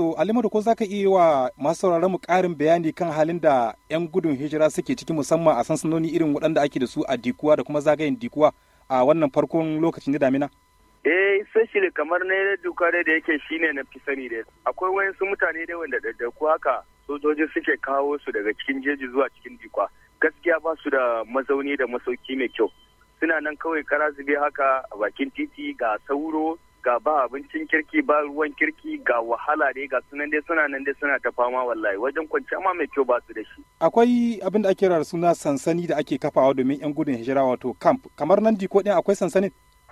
To Alimadu ko za ka iya wa masu sauraron mu ƙarin bayani kan halin da 'yan gudun hijira suke ciki musamman a sansanoni irin waɗanda ake da su a dikuwa da kuma zagayen dikuwa a wannan farkon lokacin da damina? Eh, especially kamar na duka dai da yake shine na fi sani da akwai su mutane da wanda daku haka sojoji suke kawo su daga cikin jeji zuwa cikin dikwa gaskiya ba su da mazauni da masauki mai kyau suna nan kawai kara zube haka a bakin titi ga sauro ga ba abincin kirki ba ruwan kirki ga wahala dai ga sunan dai suna nan dai suna ta fama wallahi wajen kwanciya amma mai kyau ba su da shi akwai abin da ake kira suna sansani da ake kafawa domin yan gudun hijira wato camp kamar nan diko din akwai sansanin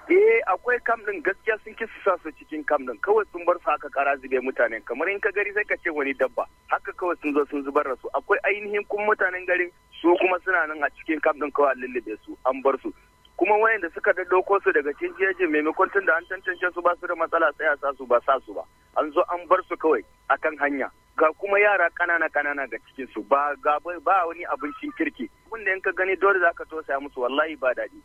eh akwai kam din gaskiya sun ki su sa su cikin kam din kawai sun bar su haka kara zube mutanen kamar in ka gari sai ka ce wani dabba haka kawai sun zo sun zubar da su akwai ainihin kun mutanen garin su kuma suna nan a cikin kam din kawai lullube su an bar su kuma wayanda suka daddauko su daga cikin jeji maimakon tun da an tantance su ba su da matsala tsaya sa su ba sa su ba an zo an bar su kawai akan hanya ga kuma yara kanana kanana ga cikin su ba ga ba wani abincin kirki abin da yanka gani dole zaka tosaya musu wallahi ba daɗi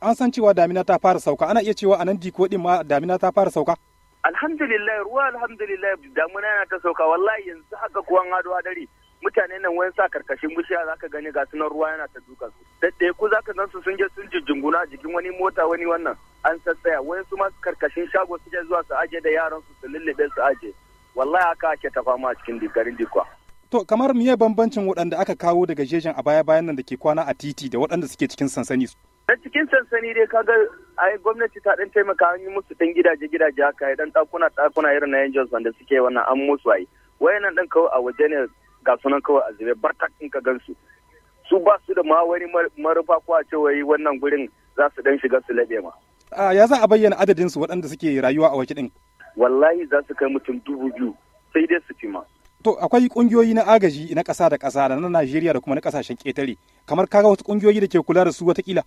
an san cewa damina ta fara sauka ana iya cewa a nan diko din ma damina ta fara sauka alhamdulillah ruwa alhamdulillah damina yana ta sauka wallahi yanzu haka kuwan hado hadari mutane nan wayan sa karkashin bishiya za ka gani ga sunan ruwa yana ta duka su da daddai ku ka san su sun je sun jijjinguna a jikin wani mota wani wannan an sassaya wayan su ma karkashin shago suke zuwa su aje da yaran su su lullube su aje wallahi haka ake ta fama cikin garin dikwa To kamar miye bambancin waɗanda aka kawo daga jejin a baya-bayan nan da ke kwana a titi da waɗanda suke cikin sansani na cikin sansani dai ka ga ai gwamnati ta dan taimaka an yi musu ɗan gidaje gidaje haka ya dan dakuna dakuna irin na yan Johnson suke wannan an musu ai wayannan dan kawo a waje ne ga sunan kawai a zube barkat in ka gansu su ba su da ma wani marufa ko a cewa wai wannan gurin za su dan shiga su laɓe ma. ya za a bayyana adadin su waɗanda suke rayuwa a wakilin. wallahi za su kai mutum dubu biyu sai dai su fi ma. To akwai kungiyoyi na agaji na ƙasa da ƙasa da na Najeriya da kuma na ƙasashen ƙetare kamar kaga wasu kungiyoyi da ke kula da su watakila.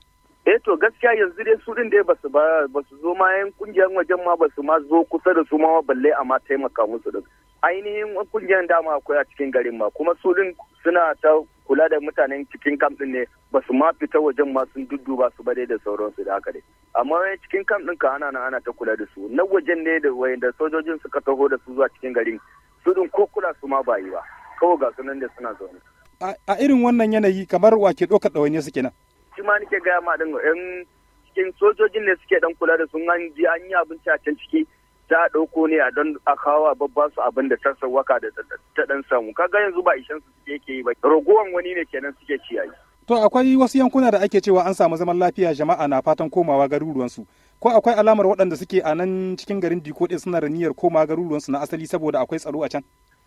eh to gaskiya yanzu dai su din dai ba su ba su zo ma yan kungiyar wajen ma ba su ma zo kusa da su ma balle amma taimaka musu din ainihin kungiyar dama akwai a cikin garin ma kuma su din suna ta kula da mutanen cikin kamp din ne ba su ma fita wajen ma sun dudduba su ba dai da sauransu da haka dai amma cikin kamp din ka ana nan ana ta kula da su na wajen ne da wayanda sojojin suka taho da su zuwa cikin garin su din ko kula su ma ba yi ba kawai ga sunan da suna zaune a irin wannan yanayi kamar wake ɗaukar ɗawainiya su nan. shi ma nake gaya ma ɗin yan cikin sojojin ne suke dan kula da sun an ji an yi abinci a can ciki ta ɗauko ne a don a kawo a babba su abin da ta sauwaka da ta ɗan samu ka ga yanzu ba ishen su suke yake yi ba ragowan wani ne kenan suke ciyayi. To akwai wasu yankuna da ake cewa an samu zaman lafiya jama'a na fatan komawa garuruwansu ko akwai alamar waɗanda suke a nan cikin garin Diko suna raniyar komawa garuruwansu na asali saboda akwai tsaro a can.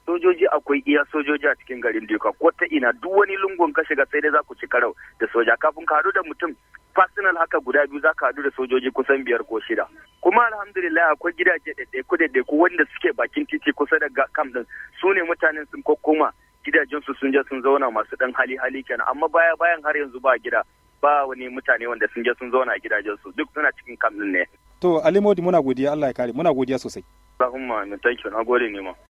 sojoji akwai iya sojoji a cikin garin duka ko ta ina duk wani lungun ka shiga sai dai za ku ci karau da soja kafin ka haɗu da mutum personal haka guda biyu za ka haɗu da sojoji kusan biyar ko shida kuma alhamdulillah akwai gidaje ɗaiɗaiku ɗaiɗaiku wanda suke bakin titi kusa da kam ɗin su ne mutanen sun gidajen gidajensu sun je sun zauna masu ɗan hali hali kenan amma baya bayan har yanzu ba gida ba wani mutane wanda sun je sun zauna a gidajensu duk suna cikin kam ɗin ne. to alimodi muna godiya allah ya kare muna godiya sosai. Allahumma amin thank you na gode ne ma.